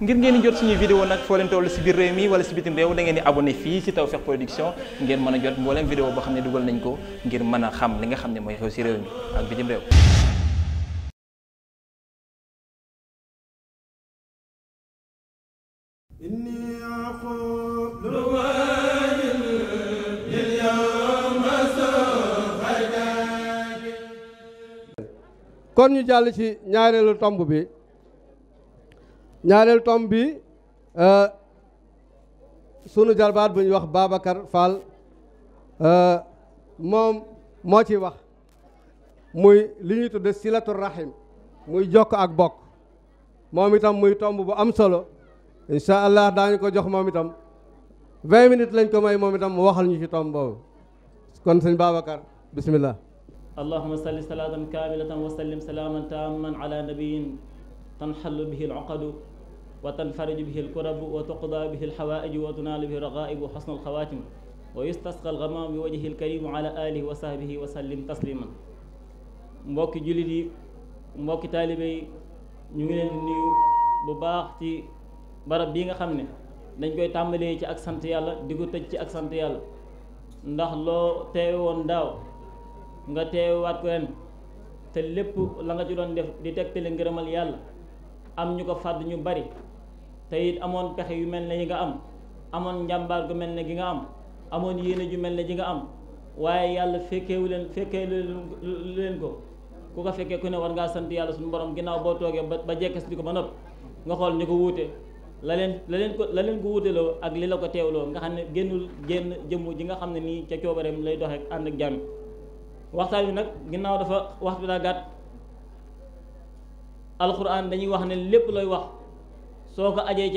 ngir ngeen di jot suñu vidéo nag foo leen toll si biir réew mi wala si bitim réew da ngeen di abonné fii si Tawfekh Production ngeen mën a jot mbooleem vidéo boo xam ne dugal nañ ko ngir mën a xam li nga xam ne mooy xew si réew mi ak bitim réew kon ñu jàll ci ñaareelu tomb bi ñaareel tom bi euh, sunu jarbaat bu ñuy wax Babacar Fall euh, moom moo ci wax muy li ñuy tudde silatu rahim muy jokk ak bokk moom itam muy tomb bu am solo incha daañu ko jox moom itam vingt minutes lañ ko may moom itam mu waxal ñu ci tomb boobu kon sëñ Babacar bismillah allahuma salli salatan kamilatan wa sallim salaman taman ala nabiyin tanxallu bihi al uqadu wa tanfariju bihi alkurabu wa tuqdaa bihi alxawaa'iju wa tunaalu bihi raqaa'ibu xasnu alxawaatim wa yustasqa alghamaamu bi wajhi alkariim wa ala aalihi wa sahbihi wa sallim tasliiman mbokki jullit yi mbokki taalibe yi ñu ngi leen di bu baax ci barab bii nga xam ne dañ koy tàmbalee ci ak sant yàlla di ko tëj ci ak sant yàlla ndax loo teewe woon daaw nga teewaat ko ren te lépp la nga ci doon def di tegtale ngërëmal yàlla am ñu ko fàdd ñu bari tey it amoon pexe yu mel na yi nga am amoon njàmbaar gu mel ne gi nga am amoon yéene ju mel ne ji nga am waaye yàlla fekkeewu leen fekkee lu leen ko ku ko fekkee ku ne war ngaa sant yàlla suñu borom ginnaaw boo toogee ba jekkes di ko ba noppi nga xool ni ko wuute la leen la leen ko la leen ko wuuteeloo ak li la ko teewloo nga xam ne génnul génn jëmm ji nga xam ne nii ca coobareem lay doxee ànd ak jàmm waxtaan wi nag ginnaaw dafa waxtu daa gàtt alxuraan dañuy wax ne lépp looy wax soo ko ajee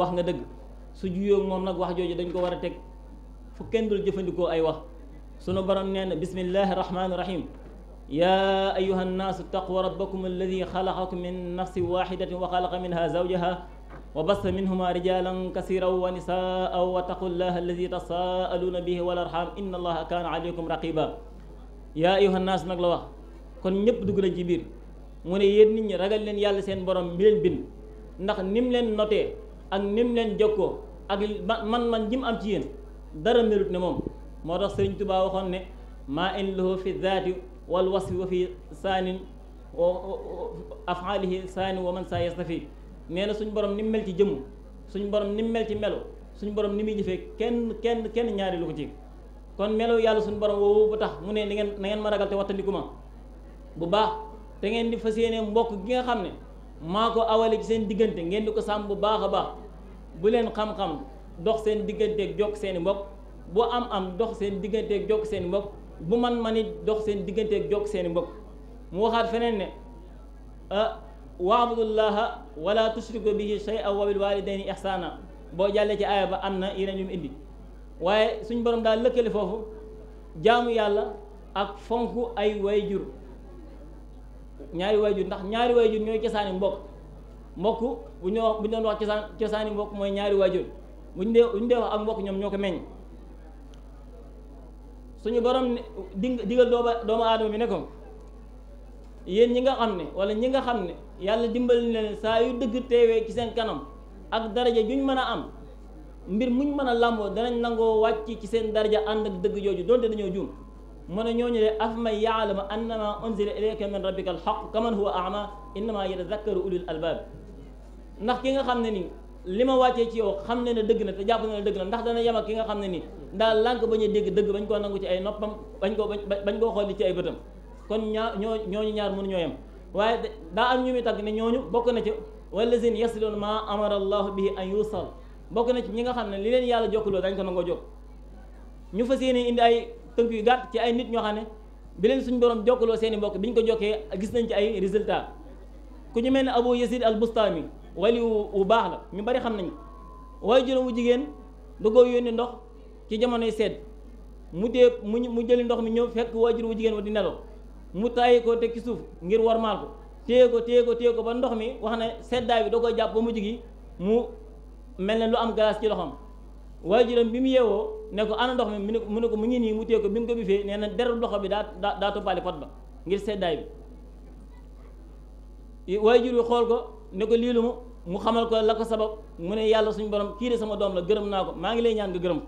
wax nga dëgg su juyoo moom nag wax jooju dañ ko war a teg fu kenn dul jëfandikoo ay wax sunu borom nee na bismillahi rahmaani rahim yaa ayuha nnaasu taqu rabbakum alladi xalaqakum min nafsin waxidatin wa xalaqa minha wa bassa minhuma rijalan kasiran wa nisaa wa taqu llaha alladi tasaaluuna bihi wal arxam inna allaha kaana aleykum nag la wax kon ñëpp dugg nañ ci biir mu ne nit ñi ragal leen yàlla seen borom mi leen ndax nim leen notee ak nim leen jokkoo ak man man jim am ci yéen dara merut ne moom moo tax sëriñ Tuubaa waxoon ne maa in lahu fi zaati wal fi wa fi saanin afaalihi saani wa man saa fii nee na suñ borom ni mu mel ci jëmm suñ borom ni mu mel ci melo suñ borom ni muy jëfee kenn kenn kenn ñaari lu ci kon melo yàlla suñ borom woowu ba tax mu ne na ngeen na ngeen ma ragal te wattandiku ma bu baax te ngeen di fas yéene mbokk gi nga xam ne maa ko awale ci seen diggante ngeen di ko sàmm bu baax a baax bu leen xam-xam dox seen digganteeg jokk seen mbokk bu am-am dox seen digganteeg jokk seen mbokk bu man-man it dox seen digganteeg jokk seen i mbokk mu waxaat feneen ne waabudullaha wala tushriku bihi shay'an wa bil walidayni ihsana boo jàllee ci aaya ba am na yeneen yu mu indi waaye suñ borom daal lëkkale foofu jaamu yàlla ak fonk ay way jur ñaari waajur ndax ñaari waajur ñooy cosaani mbokk mbokk bu ñu bu ñu doon wax cosaan cosaani mbokk mooy ñaari waajur bu ñu dee wax ak mbokk ñoom ñoo ko meññ suñu borom ne dig digal doomu aadama bi ne ko yéen ñi nga xam ne wala ñi nga xam ne yàlla dimbali na leen saa yu dëgg teewee ci seen kanam ak daraja ñu mën a am mbir ñu mën a làmboo danañ nangoo wàcc ci seen daraja ànd ak dëgg jooju donte dañoo juum mu ne ñooñu de af man yaalamu annama unzila ilayka min rabbika alxaq kaman huwa ama innama yatazakkaru ulil albaab ndax ki nga xam ne nii li ma wàccee ci yow xam ne ne dëgg na te jàpp na ne dëgg na ndax dana yem ak ki nga xam ne nii daal lànk bañ a dégg dëgg bañ koo nangu ci ay noppam bañ koo bañ koo xool ci ay bëtam kon ñaar ñoo ñooñu ñaar mënu ñoo yem waaye daa am ñu muy tàgg ne ñooñu bokk na ci wallazina yasluuna maa amara allahu bihi an yusal bokk na ci ñi nga xam ne li leen yàlla jokkuloo dañ ko nangoo jóg ñu tënk yu gàtt ci ay nit ñoo xam ne bi suñu borom jokkaloo seen i mbokk bi ñu ko jokkee gis nañ ci ay résultat ku ñu mel ne Abu Yazid al Bustami wali wu baax la ñu bari xam nañu waaye juróom wu jigéen da koo yónni ndox ci jamonoy sedd mu dee mu mu jëli ndox mi ñëw fekk waajur wu jigéen wa di nelaw mu taayi ko teg ci suuf ngir war ko téye ko téye ko téye ko ba ndox mi wax na seddaay bi da koy jàpp ba mu jigi mu mel na lu am glace ci loxoom waajuram bi mu yeewoo ne ko ana ndox mi mu ne mu ne ko mu ngi nii mu téye ko bi mu ko bifee nee na deru loxo bi daa daa daa toppaale pot ba ngir seddaay bi waajur wi xool ko ne ko lii lu mu mu xamal ko la ko sabab mu ne yàlla suñ borom kii de sama doom la gërëm naa ko maa ngi lay ñaan nga gërëm ko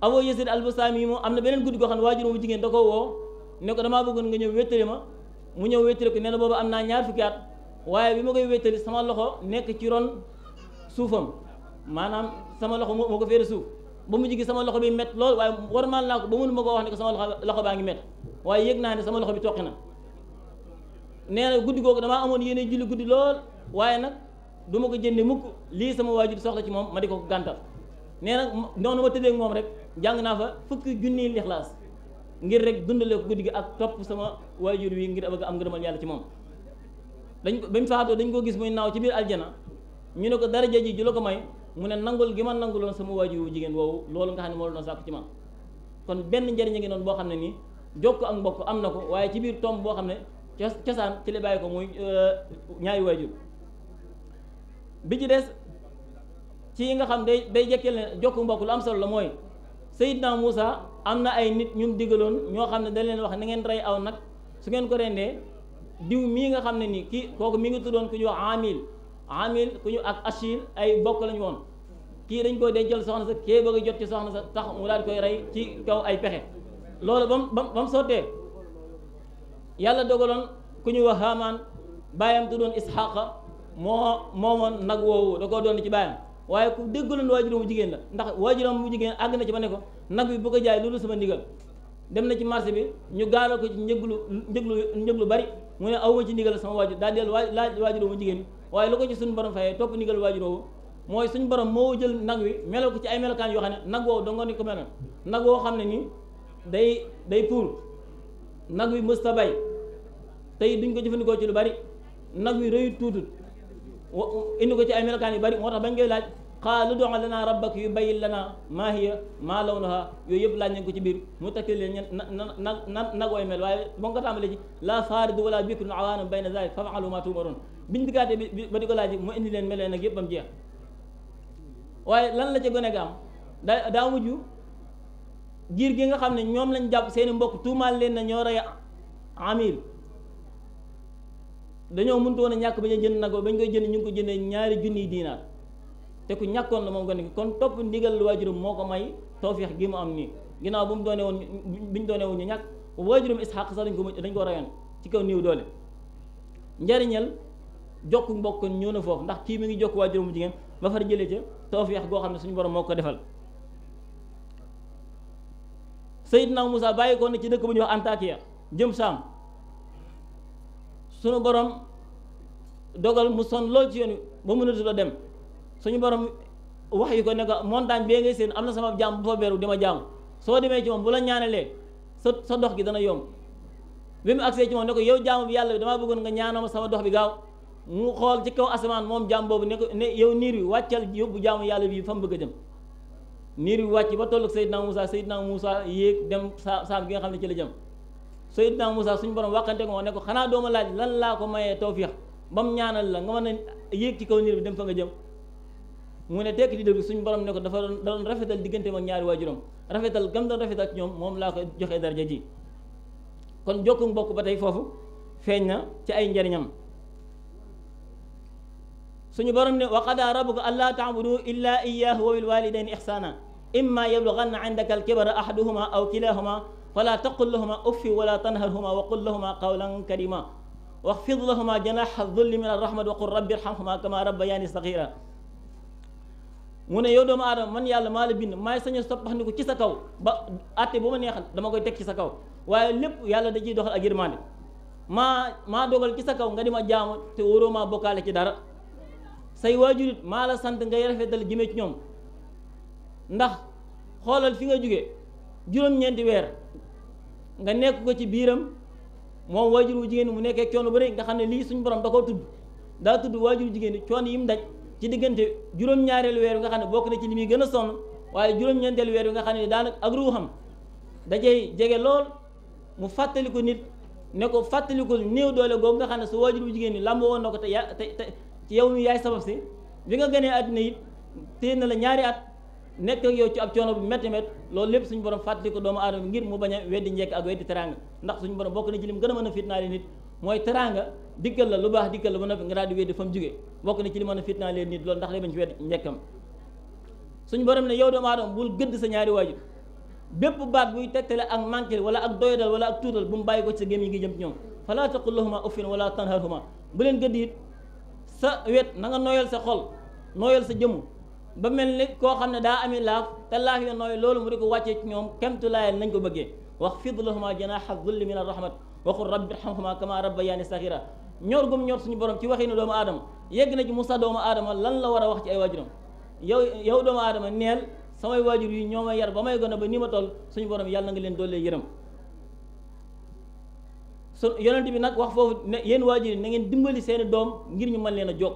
Abu Yasid al-Bustami yi moom am na beneen guddi ko xam ne waajur mu jigéen da ko woo ne ko damaa bëggoon nga ñëw wéttali ma mu ñëw wéttali ko ne na boobu am naa ñaar fukki at waaye bi ma koy sama loxo nekk ci ron suufam maanaam sama loxo moo moo ko féere suuf ba mu jigi sama loxo bi met lool waaye warmaal naa ko ba mënu ma koo wax ne ko sama loxo baa ngi met waaye yëg naa ne sama loxo bi toqi na nee na guddi googu damaa amoon yéene julli guddi lool waaye nag duma ma ko jënde mukk lii sama waajur soxla ci moom ma di ko gàntal nee na noonu ma tëddee moom rek jàng naa fa fukki junniy lixlaas ngir rek dundale ko guddi gi ak topp sama waajur wi ngir bëgg am ngërëmal yàlla ci moom dañ ba mu faatoo dañ ko gis muy naaw ci biir aljana ñu ne ko daraja ji ju la ko may mu ne nangul gi ma nanguloon sama waajur jigéen woowu loolu nga xam ne moo doon sàkku ci man kon benn njëriñ a ngi noonu boo xam ne nii jokk ak am na ko waaye ci biir boo xam ne cosaan ci li bàyyi ko muy euh, ñaari waajur bi ci des ci yi nga xam day day jekkeel ne jokk mbokk lu am solo la mooy Seydina Muusa am na ay nit ñun digaloon ñoo xam ne dañ leen wax na ngeen rey aw nag su ngeen ko rendee diw mii nga xam ne nii kii kooku mi ngi tuddoon ku ñuy wax amil amil ku ñu ak achil ay bokk lañu woon kii dañ koy dencal soxna sa kee bëgg jot ci soxna sa tax mu daal koy rey ci kaw ay pexe loolu ba mu ba mu sottee yàlla dogaloon ku ñu wax Haamaan baayam tuddoon Isxaaqa moo moomoon nag woowu da koo doon ci baayam waaye ku déggaloon waajuram bu jigéen la ndax waajuram bu jigéen àgg na ci ba ne ko nag bi bu ko jaay loolu sama ndigal dem na ci marché bi ñu gaaral ko ci njëglu njëglu lu bari mu ne awma ci ndigal sama waajur daal di laaj waajuramu jigéen waaye lu ko ci suñu borom fayee topp ndigal waajur woowu mooy suñ borom moo jël nag wi melal ko ci ay melokaan yoo xam ne nag woowu danga ni ko melal nag woo xam ne ni day day puur nag wi mës ta bay tey duñ ko jëfandikoo ci lu bari nag wi rëyut tuutut indi ko ci ay melokaan yu bari moo tax bañ koy laaj xaa lu doxal lanaa rabbak yu bayil lanaa maa hiya maa law naha yooyu yëpp laaj nañ ko ci biir mu takkil leen ñen na na nag wooy mel waaye bo nga ko tàmbalee ci la faaridu wala bikrun awaanu bayna zalik fa fa'alu ma tumaroon biñ diggaatee bi ba di ko laaj mu indi leen meleen ak yëpp am jeex waaye lan la ca gone ga am daa daa mujj giir gi nga xam ne ñoom lañ jàpp seeni mbokk tuumaal leen na ñoo rey amil dañoo mënut woon ñàkk ba ñu jënd nag ba ñu koy jënd ñu ngi ko jëndee ñaari junniy diinaar te ku ñàkkoon la moom gone gi kon topp ndigal waajuram moo ko may tawféex gi mu am nii ginnaaw bu mu doonee woon bi ñu doonee woon ñu ñàkk waajuram Isxaq sax dañ ko dañ ko rayoon ci kaw néew doole jokk mbokk ñëw na foofu ndax kii mi ngi jokk waajuram bu jigéen ba far jëlee ca tawfeex goo xam ne suñu borom moo ko defal Seydina Moussa bàyyi ko ne ci dëkk bu ñuy wax Antakiya jëm saam suñu dogal mu son lool ci yoon wi ba dem suñu borom wax yi ko ne ko montagne bee ngay seen am na sama jaam bu fa beeru dama jaamu soo demee ci moom bu la ñaanalee sa sa dox gi dana yomb bi mu agsee ci moom ne ko yow jaamu bi yàlla bi damaa bëggoon nga ñaanama sama dox bi gaaw mu xool ci kaw asamaan moom jaam boobu ne ko ne yow niir wi wàccal yóbbu jaamu yàlla bii fa mu bëgg a jëm niir wi wàcc ba tollu Seydina Moussa Seydina Moussa yéeg dem sa saam gi nga xam ne ci la jëm Seydina Moussa suñu borom waxante ko ne ko xanaa dooma laaj lan laa ko mayee tawfiix ba mu ñaanal la nga mën a yéeg ci kaw niir bi dem fa nga jëm mu ne tekk di déglu suñu borom ne ko dafa doon da rafetal diggante ak ñaari waajuram rafetal gam doon rafet ak ñoom moom laa ko joxee daraja ji kon mbokk ba tey foofu feeñ na ci ay njariñam suñu borom ne wa qadaa rabbuka allaa taabudu illaa iyyaahu wa bil waalidayni ihsaana imma yablughanna indaka al-kibara ahaduhuma aw kilaahumaa falaa taqul lahumaa uffin walaa tanharhumaa wa qul lahumaa qawlan kariimaa waxfid lahumaa janaaxa dulli min ar wa qul rabbi irhamhumaa kamaa rabbayaani sagiira mu ne yow doomu aadama man yàlla maa la bind maay sañ a soppax ko ci sa kaw ba àtte bu ma neexal dama koy teg ci sa kaw waaye lépp yàlla da ciy doxal ak yërmande maa maa ci sa kaw nga di ma jaamu te waroo maa bokkaale ci dara say waajur it maa la sant ngay rafetal jëmee ci ñoom ndax xoolal fi nga jóge juróom-ñeenti weer nga nekk ko ci biiram moom waajur wu jigéen mu nekkee coon bu rëy nga xam ne lii suñu borom da koo tudd daa tudd waajur jigéen ñi coon yi mu daj ci diggante juróom-ñaareelu weer bi nga xam ne bokk na ci li muy gën a sonn waaye juróom-ñeenteelu weer bi nga xam ne daanak ak ruuxam da jege lool mu ko nit ne ko fàttalikul néew doole googu nga xam ne su waajur bu jigéen ñi làmb na ko te ya te ci yow mi yaay sabab si bi nga gënee àddina it téye na la ñaari at nekk ak yow ci ab coono bu métti métti loolu lépp suñu borom fàttali ko doomu aadama ngir mu bañ a weddi njekk ak weddi teranga ndax suñu borom bokk na ci lim gën a mën a fitnaale nit mooy teranga dikkal la lu baax dikkal la ba noppi nga daal di weddi fa mu jógee bokk na ci li mën a fitnaale nit loolu ndax day bañ weddi njekkam suñu borom ne yow doomu aadama bul gëdd sa ñaari waajur bépp baat buy tegtale ak manqué wala ak doyadal wala ak mu bàyyi ko ci sa jëm ñoom falaa taqul lahuma uffin wala tanharhuma bu leen sa wet na nga nooyal sa xol nooyal sa jëmm ba mel ni koo xam ne daa ami laaf te laaf yo nooy loolu mu di ko wàcce ci ñoom kemtu laayal nañ ko bëggee wax fid lahuma janaha zulli min arrahmat waxul rabbi irhamhuma kama rabbayani saghira ñor gum ñor suñu borom ci waxi ne doomu aadama yegg na ci Moussa doomu aadama lan la war a wax ci ay waajuram yow yow doomu aadama neel samay waajur yi ñoo ma yar ba may gone ba ni ma toll suñu borom yàlla na nga leen doolee yërëm su yonent bi nag wax foofu ne yéen waajur yi na ngeen dimbali seeni doom ngir ñu man leen a jóg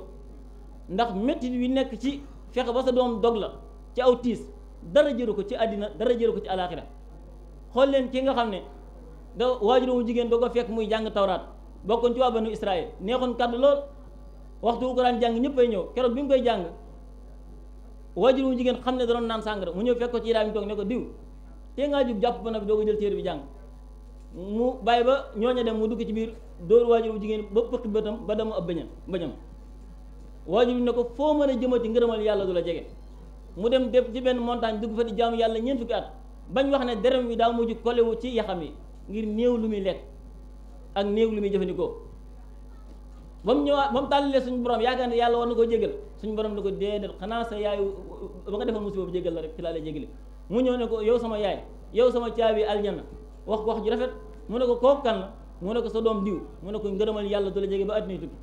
ndax métti wi nekk ci fexe ba sa doom dog la ci aw tiis dara jëru ko ci àddina dara jëru ko ci alaaxira xool leen ki nga xam ne da waajur wu jigéen da ko fekk muy jàng tawraat bokkoon ci waa banu neexoon kàddu lool waxtu wu ko daan jàng ñëpp ay ñëw keroog bi mu koy jàng waajur wu jigéen xam ne da doon naan sàngara mu ñëw fekk ko ci yaram toog ne ko diw te ngaa jug jàpp ba nag doo ko jël téere bi jàng mu bàyyi ba ñooña dem mu dugg ci biir dóor waajur bu jigéen ba pëqi bëtam ba dama ab bañam bañam waajur bi ne ko foo mën a jëmati ngërëmal yàlla du la jege mu dem def ci benn montagne dugg fa di jaamu yàlla ñeent fukki at bañ wax ne derem bi daa mujj kolewu ci yaxam yi ngir néew lu muy lekk ak néew lu muy jëfandikoo ba mu ñëwaat ba mu tàllalee suñu borom yaakaar ne yàlla war na ko jégal suñu borom ne ko déedéet xanaa sa yaayu ba nga defal musiba bu jégal la rek ci laa lay jégale mu ñëw ne ko yow sama yaay yow sama caabi aljanna wax wax ji rafet mu ne ko kooku kan la mu ne ko sa doom diw mu ne ko ngërëmal yàlla du la jege ba addina tukki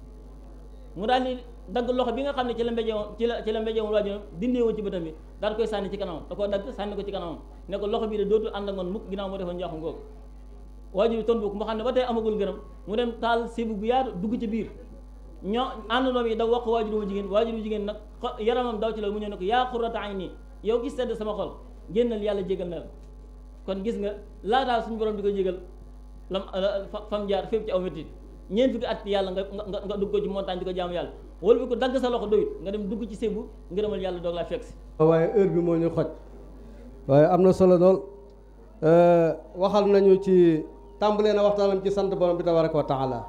mu daal di dagg loxo bi nga xam ne ci la mbéjee woon ci la ci la mbéjee woon waajuram koy sànni ci kanamam da koo dagg sànni ko ci kanamam ne ko loxo bii de dootul ànd ak man mukk ginnaaw moo defoon njaaxum googu mu xam ne ba tey amagul ngërëm mu dem taal sébu bu yaatu dugg ci biir ñoo àndandoom yi daw wax waajur wu jigéen waajur wu jigéen nag yaramam daw ci loolu mu ñëw ne ko yaa xurrata ayni yow ki sedd sama xol génnal yàlla jégal na la kon gis nga laataa suñu borom di ko jégal lam euh, fam jaar fépp ci aw métit ñeent fukki at yàlla nga nga dugg ko ci montagne di ko jaamu yàlla wala bi ko dagg sa loxo doyut nga dem dugg ci sébu ngërëmal yàlla doo laa fekk si waaye heure bi moo ñu xoj waaye am na solo lool euh, waxal nañu ci tàmbalee na waxtaanam ci sant borom bi tabaraka wa taala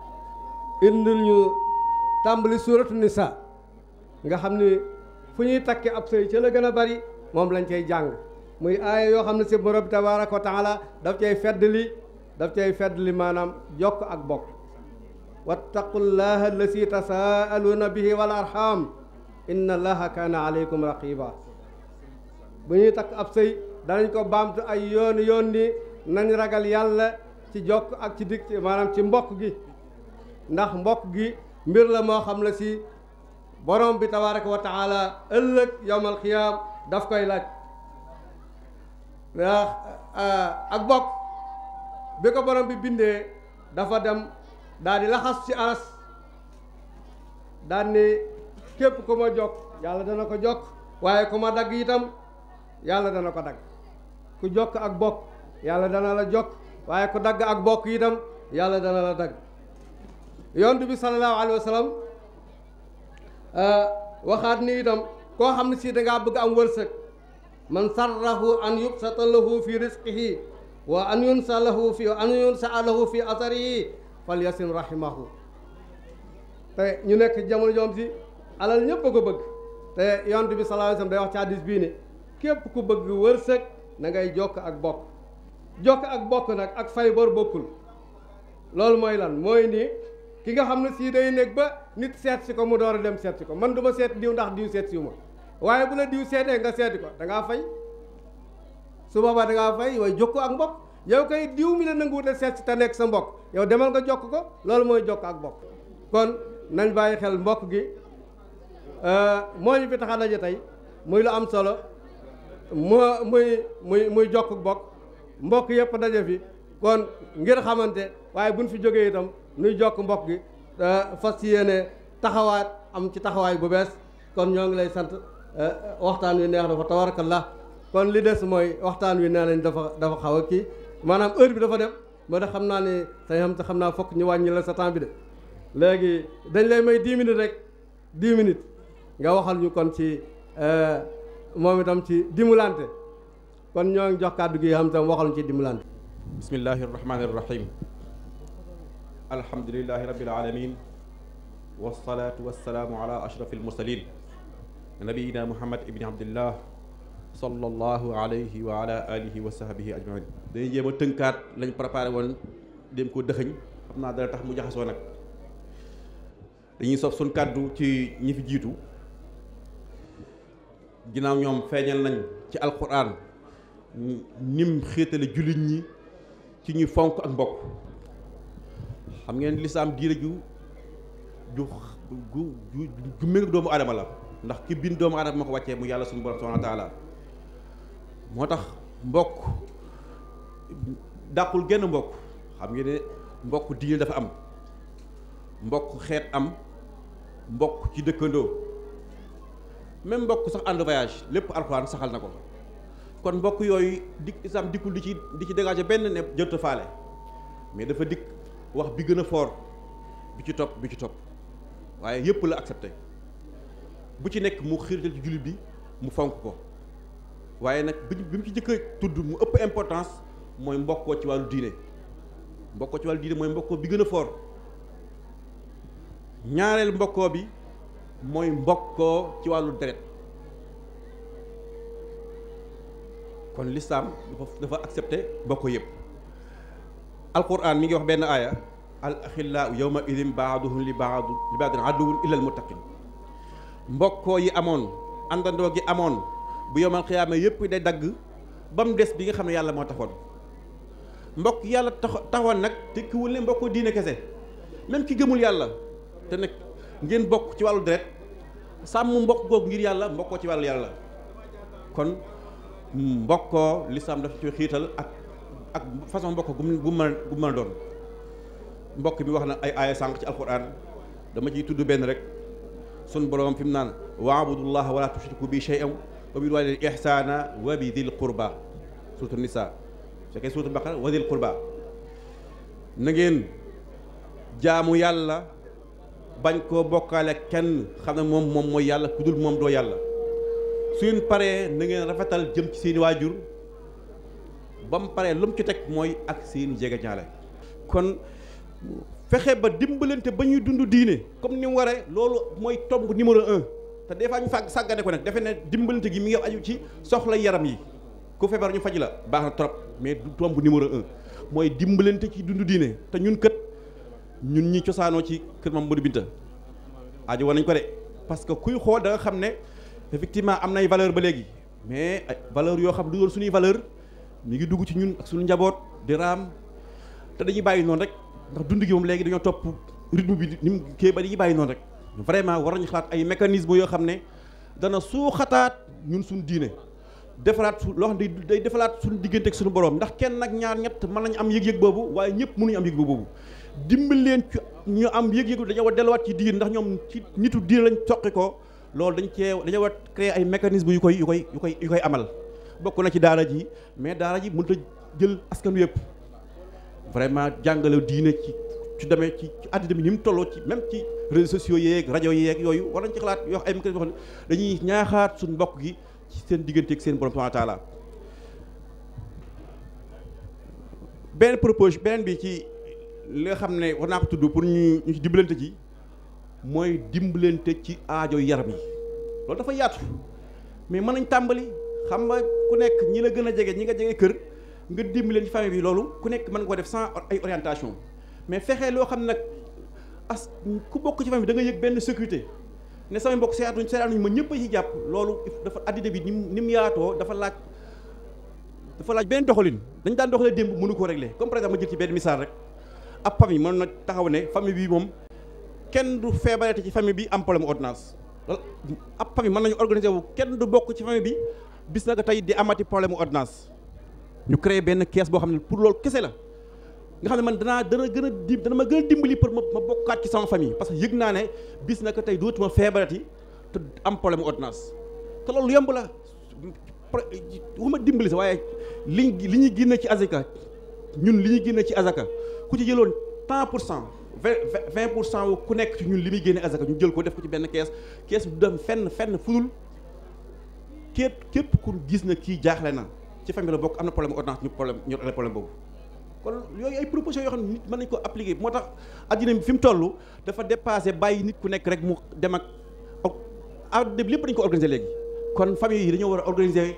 indil ñu tàmbali suratu sa nga xam ni fu ñuy takki ab sëy ca la gën a bari moom lañ cay jàng muy aaya yoo xam ne si borom bi tabaaraka wa taala daf cay feddli daf cay fedd li maanaam jokk ak bokk wattaqullaha allasi tasaaluuna bihi wal arham inna allaha kaana aleykum raqiba bu ñuy takk ab sëy danañ ko baamtu ay yoon yoon ni nañ ragal yàlla ci jokk ak ci dig maanaam ci mbokk gi ndax mbokk gi mbir la moo xam la si borom bi tabaaraka wa taala ëllëg yowmal xiyaam daf koy laaj ndax euh, ak bokk bi ko borom bi bindee dafa dem daal di laxas ci aras daal képp ku ma jokk yàlla dana ko jokk waaye ku ma dagg itam yàlla dana ko dagg ku jokk ak bokk yàlla dana la jokk waaye ku dagg ak bokk itam yàlla dana la dagg yonent bi sallallahu alayhi wa sallam euh, waxaat ni itam koo xam ne si da ngaa bëgg am wërsëg man sarrahu an sa lahu fi risqihi wa an yunsa lahu fi an yunsa lahu fi asarihi fal yasin rahimahu te ñu nekk jamono joom si alal ñëpp a ko bëgg te yonent bi sallallahu alayhi wasallam day wax ci bii ne képp ku bëgg wërsëg na ngay jokk ak bokk jokk ak bokk nag ak fay bor bokkul loolu mooy lan mooy nii ki nga xam ne sii day nekk ba nit seet si ko mu door a dem seet si ko man du seet diw ndax diw seet si ma waaye bu la diw seetee nga seeti ko da ngaa fay su boobaa da ngaa fay waaye jokkoo ak mbokk yow kay diw mi la nanguwute seet si te nekk sa mbokk yow demal nga jokk ko loolu mooy jokk ak mbokk kon nañ bàyyi xel mbokk gi euh, moo ñu fi tax a tey muy lu am solo moo muy muy muy jokk mbokk mbokk yëpp daje fi kon ngir xamante waaye buñ fi jógee itam nuy jokk mbokk gi euh, fas yéene taxawaat am ci taxawaay bu bees kon ñoo ngi lay sant Eh, waxtaan wi neex na fa tabarakallah kon li des mooy waxtaan wi nee nañ dafa dafa xaw a kii maanaam heure bi dafa dem moo tax xam naa ne sañ xam te xam naa fokk ñu wàññi la sa temps bi de léegi dañ lay may dix minutes rek dix minutes nga waxal ñu kon ci eh, moom itam ci dimbalante kon ñoo ngi jox kàddu gi xam tam waxal ñu ci dimbalante bismillahi irrahmani irrahim alhamdulilahi rabbil alamin wasalaatu wasalaamu ala ashraf almursalin nabiyina muhammad ibni abdillah sallallahu alayhi wa ala alihi wa sahbihi ajmain dañuy jéem a tënkaat lañ préparé woon dem ko dëxëñ xam naa dara tax mu jaxasoo nag dañuy sof suñ kàddu ci ñi fi jiitu ginnaaw ñoom feeñal nañ ci alquran nim xéetale jullit ñi ci ñuy fonk ak mbokk xam ngeen lislaam diine ju ju ju ju méngak doomu aadama la ndax ki biin doomu aadama moo ko wàccee mu yàlla suñu borom subhanahu wa moo tax mbokk dàqul genn mbokk xam ngeen ne mbokk diine dafa am mbokk xeet am mbokk ci dëkkandoo même mbokk sax ànd voyage lépp alxuraan saxal na ko kon mbokk yooyu dikk islam dikkul di ci di ci dégagé benn ne jënta faale mais dafa dikk wax bi gën a foor bi ci topp bi ci topp waaye yëpp la accepté bu ci nekk mu xiirtal ci jullit bi mu fonk ko waaye nag bi bi mu ci jëkk a tudd mu ëpp importance mooy mbokkoo ci wàllu diine mbokkoo ci wàllu diine mooy mbokkoo bi gën a fort ñaareel mbokkoo bi mooy mbokkoo ci wàllu deret kon lislaam dafa dafa accepté mbokkoo yëpp alquran mi ngi wax benn aaya al axillaa yawma idin baaduhum li baadu li baadin aduwun illa al muttaqin mbokkoo yi amoon àndandoo gi amoon bu yomal xiyaama yëpp day dagg ba mu des bi nga xam ne yàlla moo taxoon mbokk yàlla tax taxoon nag tekkiwul ne mbokkoo diine kese même ki gëmul yàlla te nag ngeen bokk ci wàllu deret sàmm mbokk googu ngir yàlla mbokkoo ci wàllu yàlla kon mbokkoo lislaam dafa ci xiital ak ak façon mbokk gu mu mën gu mën a doon mbokk bi wax na ay aaya sànq ci alquran dama ciy tudd benn rek sun borom fi mu naan waabudullah wala tushriku bi shay'an wa bil walidayni ihsana wa bi dil qurba suratu nisa fekkee suratu baqara wa dil qurba na ngeen jaamu yàlla bañ koo bokkaale kenn xam ne moom moom mooy yàlla ku dul moom doo yàlla suñ paree na ngeen rafetal jëm ci seeni waajur ba mu paree lu mu ci teg mooy ak seen jegeñaale kon fexe ba dimbalante ba ñuy dund diine comme ni mu waree loolu mooy tomb numéro un te des fois ñu fàgg sàggane ko nag defe ne dimbalante gi mi ngi aju ci soxla yaram yi ku feebar ñu faj la baax na trop mais du tomb numéro un mooy dimbalante ci dund diine te ñun kët ñun ñi cosaanoo ci kër Maam Modou Binta aju woon nañ ko de parce que kuy xool da xam ne effectivement am nay valeur ba léegi mais valeur yoo xam du doon suñuy valeur mu ngi dugg ci ñun ak suñu njaboot di raam te dañuy bàyyi noonu rek ndax dund gi moom léegi dañoo topp rythme bi ni mu kii ba dañuy bàyyi noonu rek vraiment war nañu xalaat ay mécanisme yoo xam ne dana suuxataat ñun suñu diine defaraat su loo xam day defalaat suñu diggante ak suñu borom ndax kenn nag ñaar ñett mën nañu am yëg-yëg boobu waaye ñëpp mënuñu am yëg-yëg boobu dimbali leen ci ñu am yëg-yëg dañoo war delluwaat ci diine ndax ñoom ci nitu diine lañ toqi ko loolu dañ cee dañoo wat a créer ay mécanisme yu koy yu koy yu koy yu koy amal bokk na ci daara ji mais daara ji mënut a jël askan yëpp vraiment jàngale diine ci ci demee ci àddina bi ni mu tolloo ci même ci réseaux sociaux yeeg rajo yeeg yooyu war nañ ci xalaat yoo ay micro yoo xam ne dañuy suñu mbokk gi ci seen diggante ak seen borom subhanahu wa taala beneen bi ci li xam ne war naa ko tudd pour ñu ñu ci dimbalante ci mooy dimbalante ci aajo yaram yi loolu dafa yaatu mais mën nañ tàmbali xam nga ku nekk ñi la gën a jege ñi nga jege kër nga dimbali leen famille bi loolu ku nekk mën nga ko def sans ay orientation mais fexee loo xam ne nag as ku bokk ci famille da nga benn sécurité ne samay mbokk seetaatuñ seetaatuñ ma ñëpp a ci jàpp loolu dafa addina bi ni mu yaatoo laaj dafa benn doxalin dañ daan démb mënu ko régler comme par ma ci benn misaal rek ab famille mën na taxaw ne famille bi moom kenn du feebarate ci famille bi am problème ordonnance ab famille mën nañu organiser wu kenn du bokk ci famille bi bis na ko tey di amati problème ordonnance ñu créé benn kees boo xam ne pour loolu kese la nga xam ne man danaa dana gën a di dana ma gën a pour ma ma bokkaat ci sama famille parce que yëg naa ne bis na ko tey dootuma feebarati te am problème ordonnance te loolu yomb la waxuma dimbali sa waaye liñ li ñuy génne ci azaka ñun li ñuy génne ci azaka ku ci jëloon tant pour cent vingt pour cent ku nekk ci ñun li muy génne azaka ñu jël ko def ko ci benn kees kees bu dem fenn fenn fudul képp képp ku gis na kii jaaxle na ci famille la bokk am na problème ordonnance ñu problème ñu réglé problème boobu kon yooyu ay propositions yoo xam ne nit mën nañ ko appliquer moo tax addina bi fi mu toll dafa dépassé bàyyi nit ku nekk rek mu dem ak addina bi lépp dañ ko organiser léegi kon famille yi dañoo war a organiser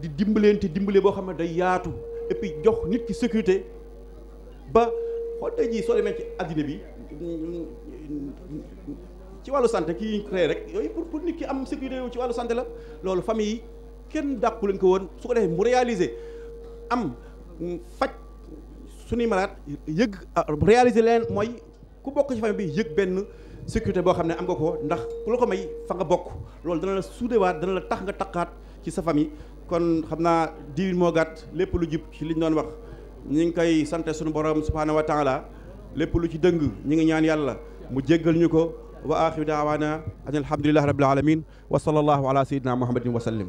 di dimbalante dimbale boo xam ne day yaatu et puis jox nit ki sécurité ba xool tey jii soo demee ci addina bi ci wàllu santé kii ñu créé rek yooyu pour pour nit ki am sécurité ci wàllu santé la loolu famille yi kenn dàqu leen ko woon su ko defee mu réaliser am faj suñuy malaat yëg réaliser leen mooy ku bokk ci famille bi yëg benn sécurité boo xam ne am nga ko ndax ku la ko may fa nga bokk loolu dana la suudewaat dana la tax nga taqaat ci sa famille kon xam naa diwin moo gàtt lépp lu jub ci liñ doon wax ñu ngi koy sant suñu borom subhaanahu wa taala lépp lu ci dëng ñu ngi ñaan yàlla mu jéggal ñu ko wa axiru daawaana an alhamdulillahi rabbil alamin wa sallallahu ala sayyidina muhammadin wa sallim